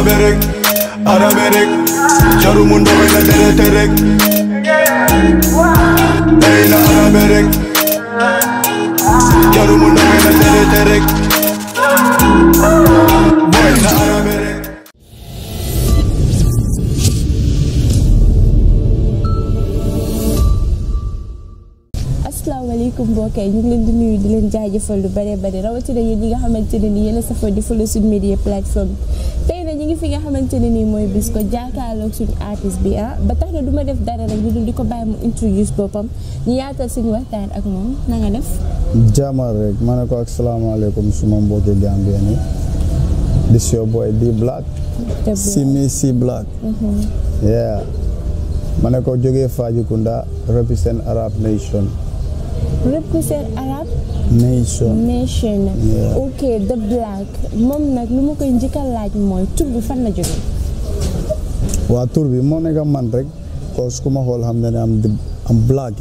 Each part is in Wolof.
ara vererek Ara vererek Jarumun dövene dereterek Leyla ara vererek Jarumun dövene dereterek Leyla ara vererek asalaamaaleykum mbokk yi ñu ngi leen di nuyu di leen jaajëfal lu bare bare rawatina yéen ñi nga xamante ne ni yéen a safoo di follow suñu media plateforme ngi fi nga xamanteni ni moy bis ko jaakaalo suñu artiste bi ah ba tax na duma def dara rek ñu diko di mu introduce bopam ñi yaatal suñu waxtaan ak mom na nga def. jamar rek mané ko assalamu alaykum suma mbokki Gambien ni this your boy D Black. si mi si Black. Mm-hmm. yeah mané ko ko jógee kunda represent Arab nation. represent Arab nation nation ok the black moom nag lu ma koy njëkk a laaj mooy tur bi fan la jógee. waa tur bi moo nekk man rek cause ku xool xam ne am am black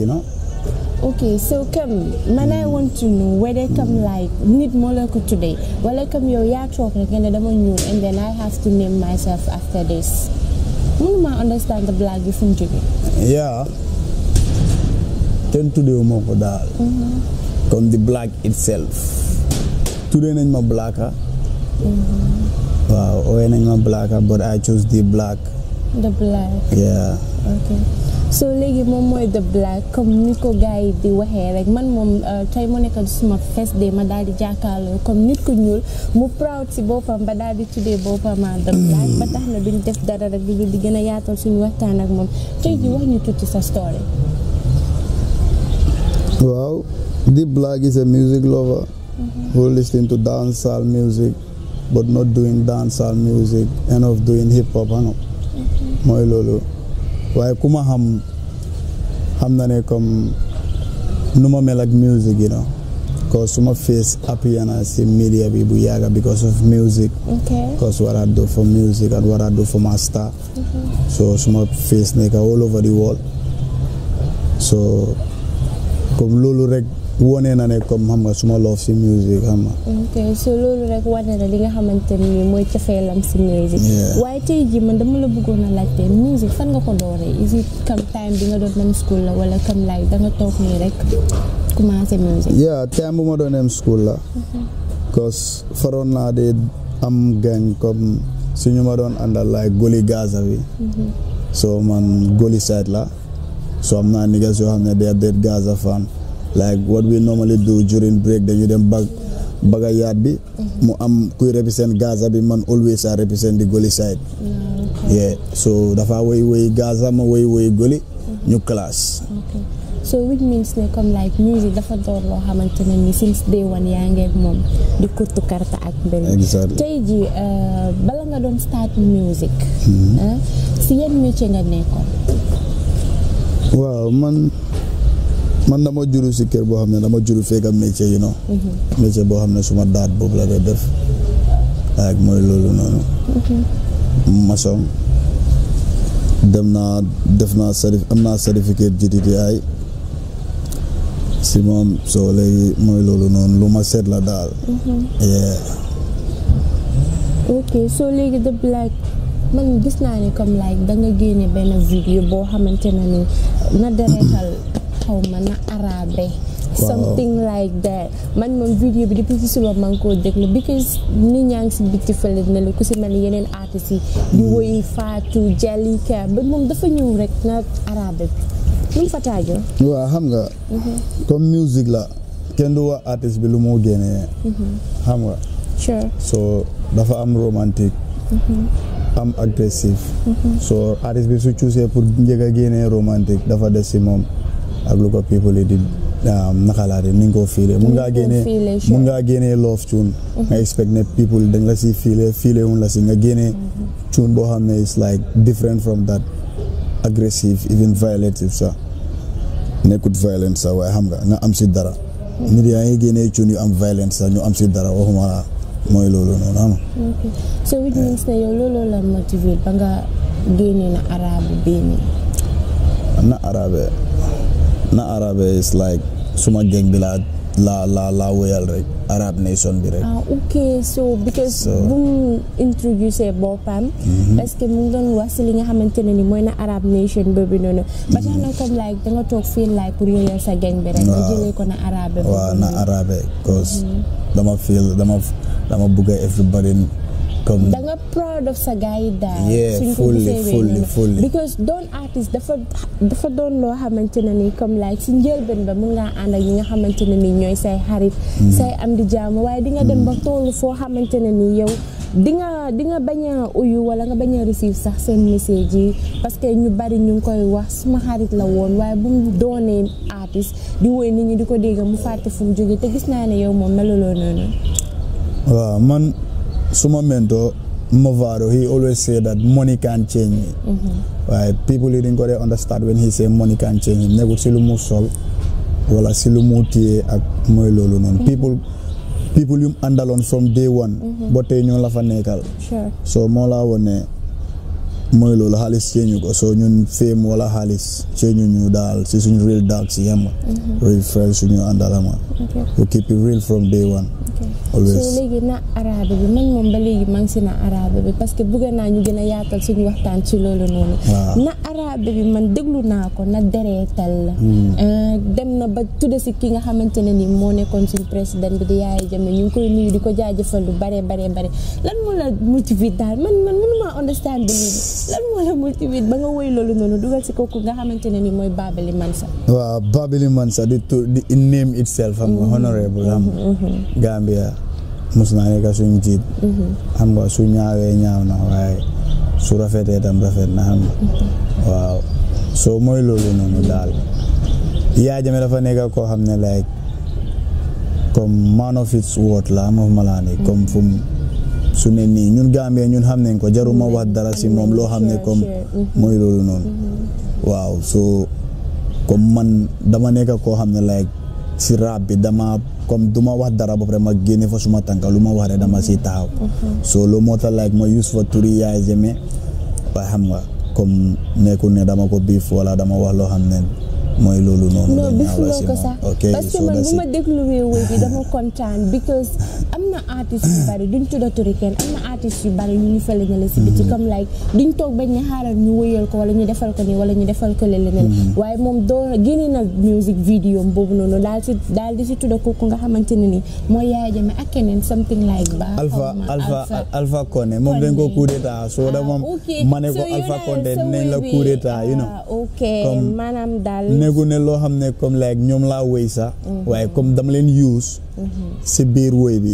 ok so kam man I want to know whether kam mm. like nit moo la ko tuddee wala kam yow yaa toog rek nga ne dama ñuul and then I have to name myself after this mënuma understand the black bi fu mu yaa kenn tuddee moo ko daal. Mm-hmm. comme the black itself tuddee nañ ma blaaka mm-hmm. waaw ooyee nañ ma blaaka but I chose the black the black yeah so léegi moom mooy the black comme ni ko gars yi di waxee rek man moom euh, tey mu nekk suma first day ma daal di jàkkaarloo comme nit ku ñuul mu proud si boppam ba daal di tuddee boppam the black ba tax na duñ def dara rek di gën a yaatal suñu waxtaan ak moom tey ji wax ñu tuuti sa story Deep Black is a music lover mm-hmm. who listen to music but not doing dancehall music and doing hip hop xanaa mooy loolu waaye ku ma xam na ne comme nu ma mel music yi na cause suma face appear na si media bi bu yàgga because of music okay. cause do for music and what do for my star mm-hmm. so face nekk all over the world so comme loolu rek wone na ne comme xam nga suma love si music xam nga. ok so loolu rek man dama la bëggoon a laajte music fan nga ko dooree is it comme time bi nga doon dem school la wala ma doon dem la. Mm-hmm. cause faroon naa de am gang comme suñu ma doon àndal like goli Gaza bi. Mm-hmm. so man goli side la so am naa niggas yoo xam ne day dead Gaza fan. like what we normally do during break dañu dem bag bagayaat bi mu am kuy represent Gaza bi man always I represent di Goli side mm, yeah so dafa woy woy Gaza ma woy woy Goli ñu class so which means ne comme like music dafa door loo xamante ne since day one yaa ngeeg moom di kurtu karta ak mbir tey jii euh, bala nga doon start music mm-hmm. si yan métier nga nekkoon waaw man man dama juru si kër boo xam ne dama juru fekk am métier yi noonu. Mm-hmm. métier boo xam ne suma daat boobu la koy def ak mooy loolu noonu. maçon dem naa def naa certif am naa certificat GTTI si moom soo léegi mooy loolu noonu lu ma seet la daal. Mm-hmm. soo léegi de black man gis naa ne comme like da génne benn vidéo boo xamante ne na deretal xaw ma na arabe something like that man moom vidéo bi depuis ci suba maa ngi koo déglu because nit ñaa ngi si bitti fële ne la ku si mel ni yeneen artistes yi di hmm. woy Fatou Jalika ba moom dafa ñëw rek na arabe bi lu xam nga mm-hmm. comme la kenn bi lu moo génnee mm-hmm. xam nga sure so dafa am romantique mm-hmm. am agressif so artiste bi su choosee pour njëkk a génnee romantique dafa des si moom ak lu ko people yi di um, naxalaat nga ko fiile mun ngaa génnee mun ngaa génnee loof cuun nga expect ne people dañ la si fiile fiile wuñ la si nga génne cuun mm-hmm. boo xam ne is like different from that aggressive even violative sax nekkut violence sax waaye xam nga nga am si dara mm-hmm. nit yaa ngi génne cuun yu am violence sax ñu am si dara waxuma la mooy loolu noonu xam na arabe na arabe is like suma geng bi laa la la la woyal rek Arab nation bi rek. ah ok bu mu introduce boppam. parce mhm. que mu ngi doon li nga xamante ne ni mooy na Arab nation boobu noonu. ba tax na mhm. comme like da toog feel like pour yooyal sa gang bi rek. nga jëlee ko na arabe. waaw na arabe cause mhm. dama feel dama dama bëgg everybody welcome. da proud of Sagaida. guidance yeah fully fully fully because don't artist the for don't loo xamante ne nii like single njëlbeen ba mun ngaa ànd how ñi nga xamante ne know ñooy say xarit mm. say am di jàmm waaye di nga dem ba mm. toolu foo xamante ne nii yow di nga di nga uyu wala nga banya receive sax seen message yi parce que ñu bari ñu ngi koy wax suma xarit la won waaye bu mu doonee artiste di woy nit ñi di ko dégg mu fàtte fu mu jógee te gis naa ne yow man suma mentor Movado, he always say that money can change me. Mm -hmm. yi People didn't go there when he say money can change him. Nekut si lu mu sol, wala si lu mu téye ak mooy loolu noonu. Mm-hmm. people yu mu àndaloon from day one. Mm-hmm. ba tey ñoo la fa nekkal. so moo laa woon mooy loolu xaalis ceeñu ko so ñun fame wala xaalis ceeñu ñu daal si suñu real dark si yem. Mm-hmm. real fresh suñu keep it real from day one. soo léegi na arabe bi man moom ba léegi maa ngi si na arabe bi parce que bëgg naa ñu gën a yaatal suñu waxtaan ci loolu noonu na arabe bi man déglu naa ko na dereetal la hmm. euh, dem na ba tudde si ki nga xamante ne nii moo nekkoon suñu président bi di Yaya Jammeh ñu ngi koy nuyu di ko jaajëfal lu bare bare bare lan moo la motivé daal man man mënumaa ba nga woy loolu noonu dugal si kooku nga xamante ne ni mooy Babali Mansa waaw Babali Mansa di name itself am mm-hmm. honorable am mm-hmm. Gambia Gambia mus naa nekk suñ jiit mhm. xam nga su ñaawee ñaaw na waaye su rafetee tam rafet na xam nga mhm. waaw soo moy loolu noonu daal Yaya Jammeh dafa nekk koo xam ne like comme man of its word la moom ma laa su ne nii ñun Gambia ñun xam nañ ko jaruma mhm. dara si moom loo xam ne comme mooy loolu noonu waaw so comme man dama nekk koo xam ne like si rap bi dama comme du ma wax dara ba pare ma génne fa suma tànka lu ma wax rek dama si taxaw mhm. so loolu moo tax like ma use fa turi Yaya Jammeh ba xam nga comme nekkul ne dama ko biif wala dama wax loo xam ne mooy loolu noonu. non bisuma ko sax parce que man bu ma dégluwee wéy bi dama kontaan because am na artiste yu bari duñ tudd turi kenn am na artistes yu bari ñu ngi fële na la si biti mhm. comme like duñ toog bañ ne ñu wëyal ko wala ñu defal ko nii wala ñu defal ko leneen mhm. waaye moom doon génne na music video boobu noonu daal si daal di si tudda kooku nga xamante ne ni mooy Yaya Jammeh ak keneen something like ba Alpha Alpha moom dañ ko coup d'état soo da moom ah, ma ne ko Alpha Condé dinañ la coup d'état you know ah, ok maanaam nekku ne loo xam ne comme like ñoom laa wëy sax mhm. waaye comme dama leen use si biir wëy bi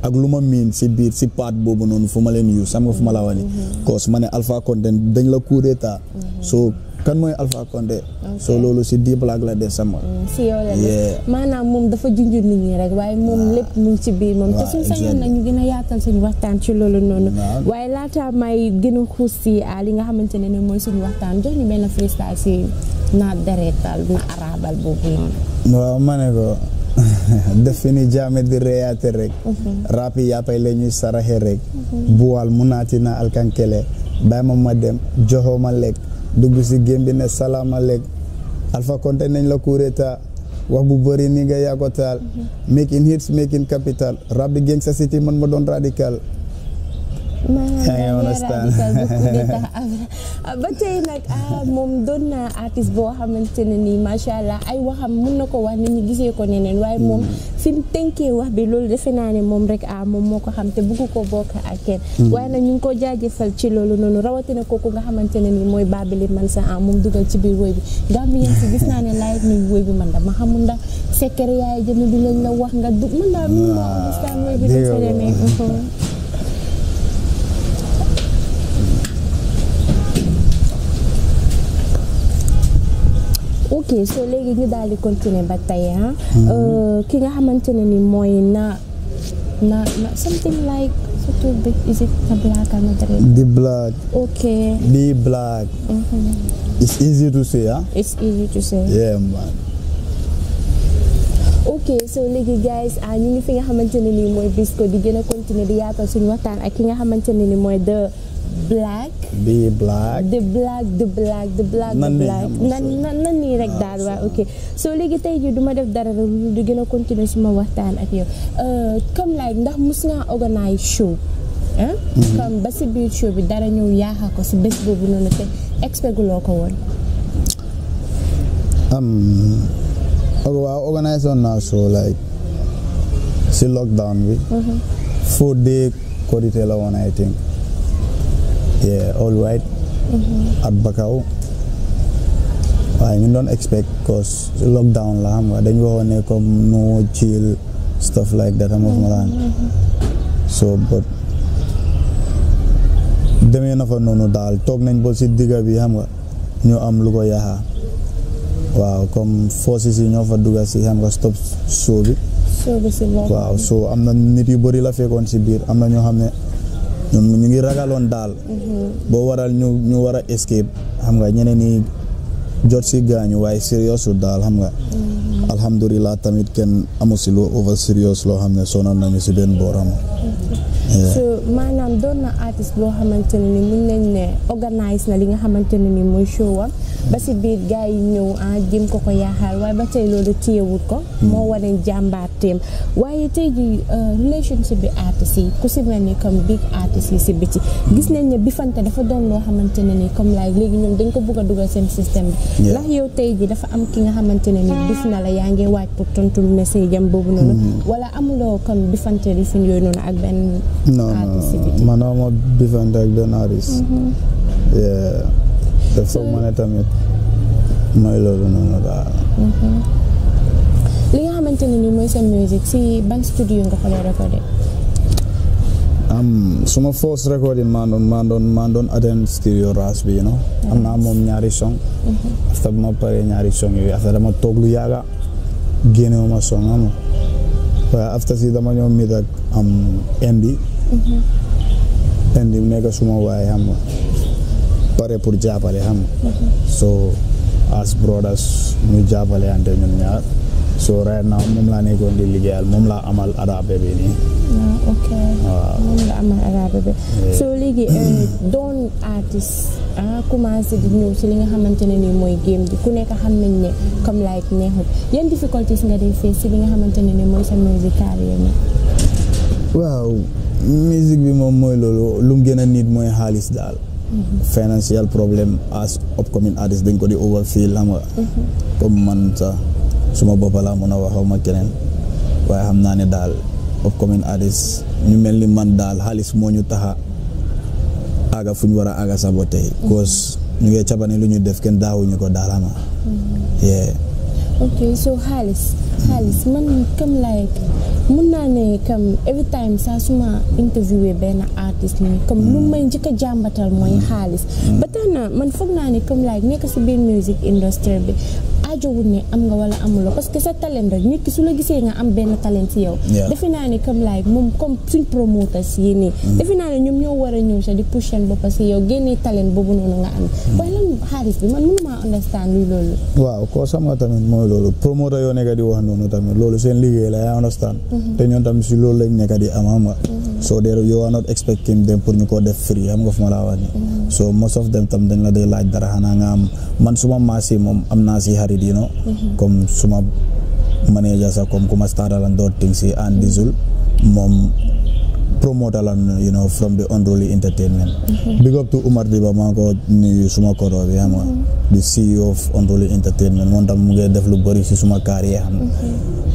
ak lu ma miin si biir si paat boobu noonu fu ma leen use xam nga fu ma la wani mm-hmm. mm-hmm. cause ma ne Alpha Condé dañ la coup d'état mm-hmm. so kan mooy Alpha Condé so loolu si Deep ak la des sama mm, si yow la maanaam moom dafa junjur nit ñi rek waaye moom lépp mu ngi si biir ñu gën a yaatal suñu waxtaan ci loolu noonu waaye laata may gën a xuus ah, li nga xamante ne ne mooy suñu waxtaan jox ñu benn freestyle si naa dereetal na araabal boobu noonu waaw ma ne defini jaame di reyaate rek mhm. rapi yapay la ñuy saraxe rek mhm. buwal mu na alkankele bàyyi ma ma dem joxoo ma lekk si gém bi ne salaama lekk Alpha Konte nañ la kuréeta wax bu bëri ni nga yaa ko taal mhm. making hits making capital rap di gang sa city man ma doon radical ba tey nag moom doon naa artiste boo xamante ne nii macha allah ay waxam mën na ko wax nit ñi gisee ko neneen waaye moom fi mu tënkee wax bi loolu defe naa ne moom rek ah moom moo ko xam te bëgg ko bokk ak kenn waaye nag ñu ngi ko jaajëfal ci loolu noonu rawatina kooku nga xamante ne nii mooy Babili Mansa a moom dugal ci biir woy bi si gis naa ne laayit nañ woy bi man dama xamul ndax secret yaay jëme bi lañ la wax nga dug mën daa mi moo understand woy bi da sa ok soo léegi ñu daal di continuer ba tey ah. mhm. euh, ki nga xamante ne ni mooy na na na something like sa tur bi is na black and red. fi nga xamante ni mooy Bisco di gën a di yaatal suñu waxtaan ak ki nga xamante ne ni mooy de. black. be black. the black the black the black. nan nan nan nii rek daal ah, waaw ok soo léegi tey jii du ma def dara rek du gën a continuer suma waxtaan ak yow euh, comme like ndax mus ngaa organise show. Mhm. comme ba si biir show bi dara ñëw yaaxa ko si bés boobu noonu te expeguloo ko woon. waaw organise woon naa show like si lockdown bi. Mhm. four day korité la woon I think. yeah all right mm-hmm. at Bakau waaye ñu doon expect cause lockdown la xam nga dañu waxoon ne comme no chill stuff like that xam nga laan mm-hmm. so but demee na fa noonu daal toog nañ ba si digga bi xam nga ñu am lu ko yaxa waaw comme forces yi ñoo fa dugga si xam nga stop show bi waaw so am na nit yu bëri la fekkoon si biir am na ñoo xam ne ñoom ñu ngi ragaloon daal. Mhm. boo waral ñu ñu war a escape xam nga ñeneen ñi jot si gaañu waaye serious lu daal xam nga. Mhm. alhamdulilah tamit kenn amu si lu over serious loo xam ne sonal nañu si benn booram. so maanaam doon na artiste boo xamante ne ni mun nañ ne organise na li nga xamante ne ni mooy show am ba si biir gars yi ñëw ah jëm ko ko yaaxaar waaye ba tey loolu téyewut ko hmm. moo wane jàmbaarteem waaye tey ji euh, relationship bi artiste yi ku si mel ni comme big artiste yi si biti hmm. gis nañ ne bifante dafa doon loo xamante ne ni comme laay léegi ñoom dañ ko bugg dugal seen système bi ndax yow tey ji dafa am ki nga xamante ne ni bif na la yaa ngi waaj pour tontul message am boobu noonu hmm. wala amuloo comme bifante ak benn Ah, no no man awma bifante ak benn artiste te foog ma ne tamit mooy loolu noonu daal li nga xamante ne nii mooy sa musique si ban studio nga ko doon recordé suma first recording maa doon maa doon maa doon attend studio ras bi you know am naa ñaari song mm-hmm. after bu ma ñaari song yooyu after dama toog waaw after si dama ñoom mi ak am indi indi mm-hmm. nekk suma waaye xam nga pare pour jàppale xam nga mm-hmm. as brothers ñu jàppale ante ñun ñaar so right now moom laa nekkoon di liggéeyal moom laa amal arabe bi nii. Ah, ok moom la amal arabe bi. soo léegi eh, doon artiste ah commencé di ñëw si li nga xamante ne mooy game bi ku nekk xam nañ ne comme like neexut yan difficultés nga xamante ne nii mooy sa music carrière nii. waaw musique bi moom mooy loolu lu mu gën a nit mooy xaalis daal. Mm-hmm. financial problème as commune artist dañ ko di overfeel xam nga. Mm-hmm. comme man sax. suma boppa laa mun a waxaw ma keneen waaye xam naa ne daal upcoming artist ñu mel ni man daal xaalis moo ñu taxa aga fu ñu war a aga sabo tey mm-hmm. cause ñu ngee cabane lu ñu def kenn daawuñu ko daal xama mm-hmm. yee ok so xaalis mm-hmm. xaalis man kam like mun naa ne comme every time saa suma interviewé benn artiste nii comme lu may njëkk a jàmbatal mooy naa ne comme like nekk si biir music industry bi aajowul ne am nga wala lo parce que sa talent rek nit ki su la gisee nga am ben talent ci yow defe naa ne comme like mom comme suñ promoteur ci ni nii defe naa ne ñoo wara ñew sa di pushen seen parce que yow génnee talent bobu non nga am mm. waaye lan xaris bi man mënuma understand lu lolu waaw ko sama nga tamit moy lolu promoteur yo nekk di wax nonu tamit lolu seen liggéey la ya understand mm-hmm. te ñoom tamit ci lolu lañ nekk di am am mm-hmm. so there you are not expecting them pour ñuko def free Am nga fuma la wax mm-hmm. so most of them tam dañ la day laaj dara xanaa nga am man suma maasi mom amna ci did you mhm. comme suma manager sa comme kuma started and those si and diesel mhm. moom promoter lan you know from the unruly entertainment mhm. big up to Umar Diba maa ko nuyu suma koro bi xam nga the CEO of entertainment moom tam mu ngi def lu bëri si suma carrière xam nga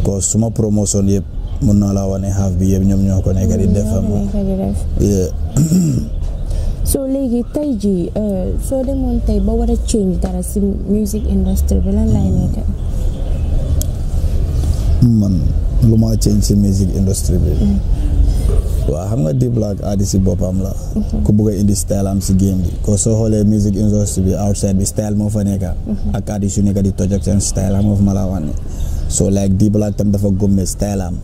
ko suma promotion yëpp mun naa la wane half bi yëpp ñoom ñoo ko nekk di def xam nga soo léegi tey jii euh, soo demoon tey ba war a change dara si music industry bi lan lay nekk. lu ma change si music industry bi. Mm. waaw xam nga di black aadi si boppam la. Mm-hmm. ku bugg a indi style am si game bi. ko soo xoolee music industry bi outside bi style moo fa nekka mm-hmm. ak aadi su nekka di toj seen style am nga fa ma laa wane. so like di black tam dafa gomme style am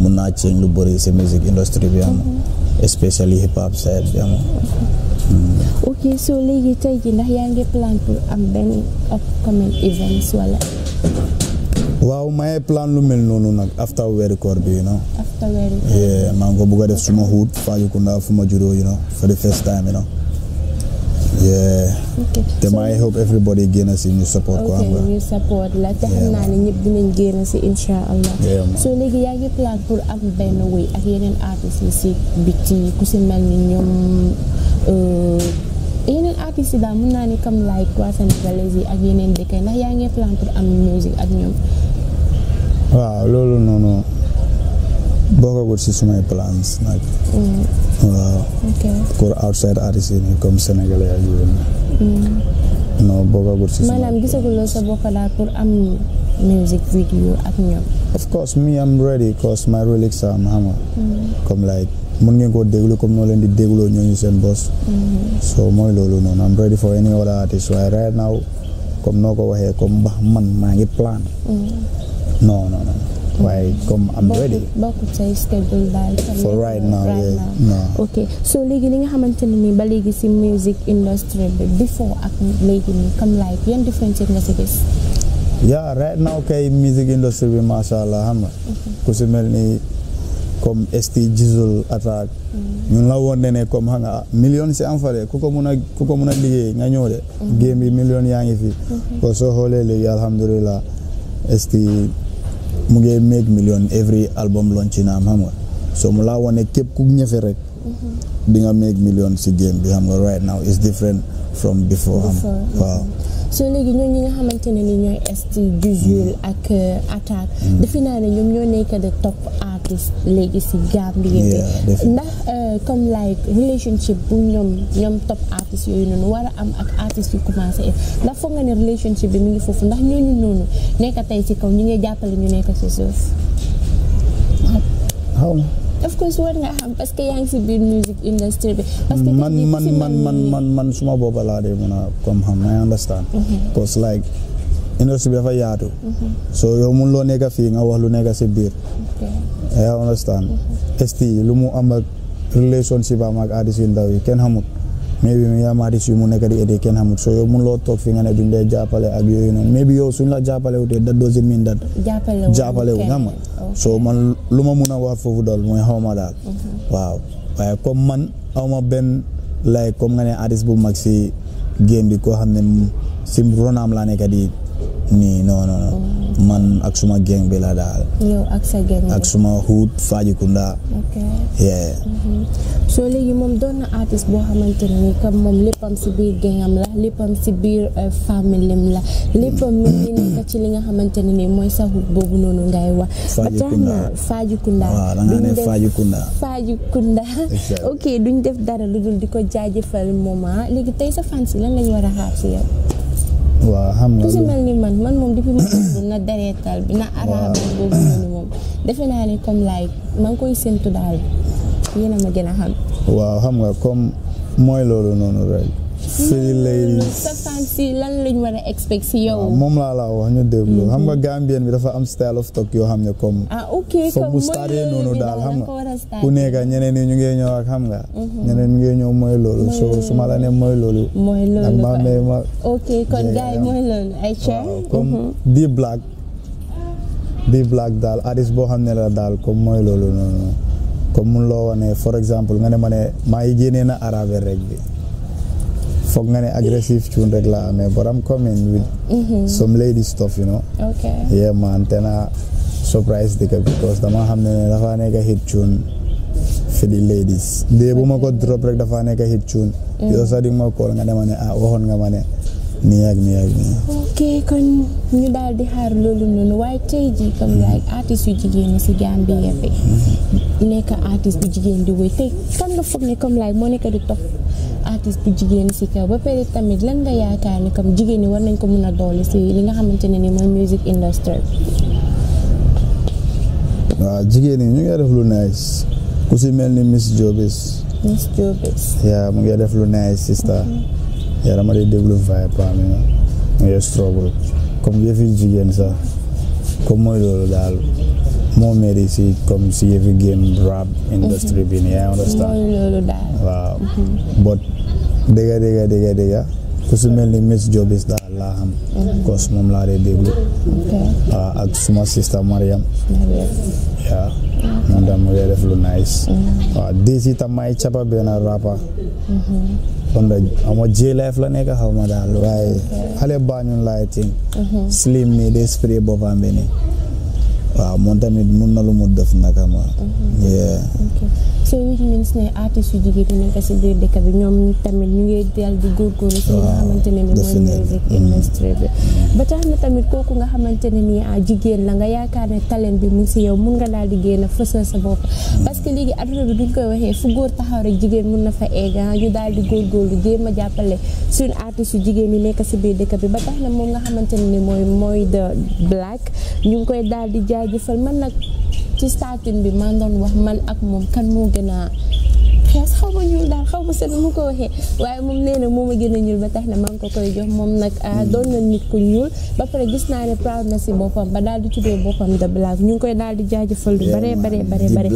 mun naa change lu bëri si music industry bi am. Mm-hmm. especially hip hop side bi hmm. soo léegi tey jii ndax yaa ngi plan pour am benn upcoming events wala. waaw maye plan lu mel noonu nag after weeri koor bi you know. after weeri koor bi maa ngi ko bëgg a def suma xuut Fajukunda fu ma juddoo you know for the first time you know. yeah te maa hope everybody génn si ñu support ko am nga support la te xam naa ne ñëpp dinañ génn si incha allah so léegi yaa ngi plan pour am benn wéy ak yeneen artistes yi euh, daal mën naa ni comme like waa Sénégal yi ak yeneen dëkk yi ndax yaa ngi plan pour am music ak ñoom waaw loolu noonu bokkagul si sumay plans nag mm. pour outside artiste yi nii comme sénégalais ak yooyu. Hmm. non bokkagul si. maanaam gisaguloo sa bopp daal pour am music video ak ñoom. of course me I'm ready cause my relics am xam nga. Hmm. comme mën ngeen koo déglu comme noo leen di dégloo ñooñu seen boss. Hmm. so mooy loolu noonu I'm ready for any other artist waaye right now comme noo ko waxee comme mbax man maa ngi plan. non non non. waaye comme I'm ready. bokkut say schedule daal. for right now right now. ok léegi li nga xamante ne ba léegi si music industry bi before ak léegi nii comme like yan nga si gis. allah xam nga. ku si mel ni comme ST Jizzle attaque. Mm. ñun la woon ne ne comme xam ah, million si am fale ku ko mun a ku ko mun a liggéey nga ñëw de. Mm-hmm. game million yaa ngi fi. ko mm-hmm. soo xoolee léegi alhamdulilah ST. mu ngi make million every album launch na am xam nga so mu laa wane képp ku ñëfe rek mhm. di nga million si game bi xam nga right now is different from before xam waaw so léegi ñoo nga xamante ni ñooy esti du ak uh, attaque mm. defe ñoom ñoo nekk de top gis léegi si Gambie bi ndax euh, comme like relationship bu ñoom ñoom top artistes yooyu noonu war am ak artistes yu commencé ndax foog nga ne relationship bi mu ngi foofu ndax ñooñu noonu nekk tey ci kaw ñu ngi jàppale ñu nekk si suuf of course war nga xam parce que yaa ngi si biir music industry bi. parce man man man man suma booba laa de mën a comme xam I understand. because mm-hmm. like industrie bi fa yaatu. Mhm. so yow mun loo nekk fii nga wax lu nekk si biir. yaa understand. Mhm. ST lu mu am ak relationship am ak artiste yu ndaw yi kenn xamut. mais bi mu nekk kenn xamut so yow mun loo toog fi nga ne duñ dee yooyu noonu mais bi yow suñ la jàppale wutee that doesn't mean that. jàppale wu jàppale wu so man lu ma mun a wax foofu dool mooy xaw ma daal. Mhm. waaw waaye comme man aw ma benn like comme nga ne artiste bu mag si game bi koo xam ne si ronaam laa nekk di. ni non non non oh. man ak suma geng bi la dal yow ak sa geng ak suma hood Fajikunda. ok yeah. Mhm. soo léegi moom doon na artiste bo xamanteni ne comme moom léppam si biir gengam la léppam si biir lim la léppam mi ni nekk ci li nga xamanteni ni moy sa hood bobu nonu ngay wax. faji Fajikunda. waaw da nga ne Fajikunda. Ah, Fajikunda ok duñ def dara diko jajeufal ko jaajëfal tay sa fans lan lañ wara xaar ci yow. Ya. waaw xam nga ku si mel ni man man moom depuis ma tudd na dareetal bi na araabal boobu noonu moom defe naa ni comme laay maa koy séntu daal yéen a ma gën a xam waaw xam nga comme mooy loolu noonu rek sëñ Leyli si lan lañ war a expect si yow. moom laa la wax ñu déglu xam nga mhm. Gambien bi dafa am style of talk yoo xam ne comme. Ah, noonu daal xam nga ku nekk ñeneen ñi ñu ngi ñëw mhm. ñeneen ñu ñëw mooy loolu so su ma la ne mooy loolu. mooy loolu ma ma. ok kon gars yi mooy loolu ay ca. comme di mhm. black di black daal artiste boo xam ne la daal comme mooy loolu noonu comme mun loo wane for example nga ne ma ne maa ngi génnee na arabe rek bi. foog nga ne aggressive tune rek la amee but I'm coming with mm-hmm. some lady stuff you know te na surprise dëkk because dama xam ne nekk hit tune fi ladies dee bu ma ko drop rek dafa nekk hit tune mm. yow sax di ma call nga ne ne ah waxoon nga ma ne nii ak nii ak nii ok kon ñu daal di xaar loolu noonu waaye tey jii comme mm-hmm. yaay artiste yu jigéen si Gambie bi mm-hmm. nekk artiste bu jigéen di wéy tey kan nga foog ne comme laay moo nekk di topp artiste bu jigéen si kaw ba pare tamit lan nga yaakaar ni comme jigéen ñi war nañ ko mën a doole si li nga xamante ne ni mooy music industry waaw jigéen ñi ñu ngi def lu nice ku si mel ni Miss Jobis. yaa mu ngi def lu nice sister. Mm-hmm. yaa dama dee déglu vibe paam yi mu ngi struggle comme yëfi jigéen sax comme mooy loolu daal moo mérite si comme si yëfi game rap bi nii yaa understand. Mm-hmm. mooy loolu waaw bot dégga dégga dégga dégga ku su mel ni daal laa xam mm-hmm. moom laa dee déglu waaw ak suma sista Mariam waaw moom tam mu dee lu nice mm-hmm. waaw diis itam may capa benn rapper on the life la nekk xaw ma daal waaye xale baa ñun laay tiim mm-hmm. slim nii dee spray boppam bi waaw moom tamit mun na lu mu def naka ma. Mhm. ok so which means ne artistes bi ñoom tamit ñu ngi dal di góorgóorlu. waaw si nga xamante ne nii mooy mm-hmm. na tamit kooku nga xamante ne nii ah, jigéen la nga yaakaar ne talent bi mu si yow mun nga daal di génn fësal sa bopp. Mm-hmm. parce que léegi adduna bi duñ koy góor taxaw rek jigéen mun na fa egg ah, ñu daal di góorgóorlu jéem a jàppale suñu artistes yu jigéen ñi nekk si biir dëkk bi ba tax na moom nga xamante ne nii mooy mooy The Black ñu koy daal di jaajëf jaajëfal man nag ci saatin bi maa doon wax man ak moom kan moo gën a xees xaw ma ñuul daal xaw ma set mu ko waxee waaye moom nee na moom a gën a ñuul tax na maa ngi ko koy jox moom nag ah, doon na nit ku ñuul gis naa ne proud na si boppam ba daal di tuddee boppam de black ñu ngi koy daal di jaajëfal lu bare bare bare bare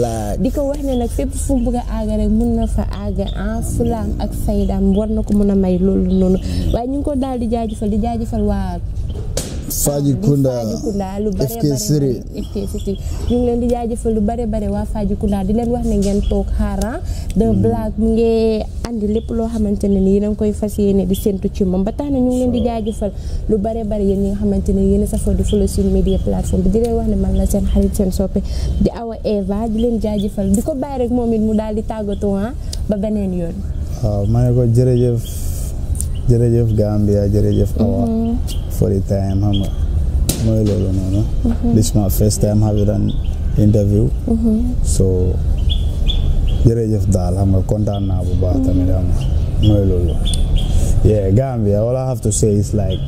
di ko wax ne nag fépp fu mu bëgg a aaga rek mun na fa aaga ah, en fulaam ak faydaam war na ko mun a may loolu noonu waaye ñu ngi ko daal di jaajëfal di jaajëfal waa Fajikunda lu bare bare FKCity ñu ngi leen di jaajëfal lu bare bare waa Fajikunda di leen wax ne ngeen toog xaaran de hmm. blague mu ngi andi lépp loo xamante ne ni yéen a koy fas yéene di séntu ci moom ba tax na ñu ngi leen di jaajëfal lu bare bare yéen ñi nga xamante ne yéen a safoo di follow suñu media plateforme bi di leen wax ne man la seen xarit seen soppe di Awa Eva di leen jaajëfal di ko bàyyi rek moom it mu daal di tàggatoo ah, ba beneen yoon waaw maa ngi ko jërëjëf jërëjëf Gambia jërëjëf Awa mm-hmm. for the time xam nga mooy loolu noonu mm-hmm. this my first time having an interview mm-hmm. so jërëjëf daal xam nga kontaan naa bu baax tamit xam nga mooy loolu yeah Gambia all I have to say is like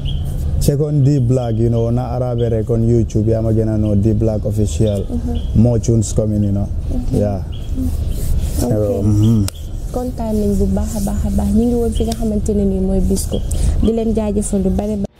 check on D Black you know na arabe rek on YouTube yaa ma gën a know Black official more tunes coming yeah kontaan nañ bu baax a baax a baax ñu ngi woon fi nga xamante ne nii mooy Bisco di leen jaajëfal lu bare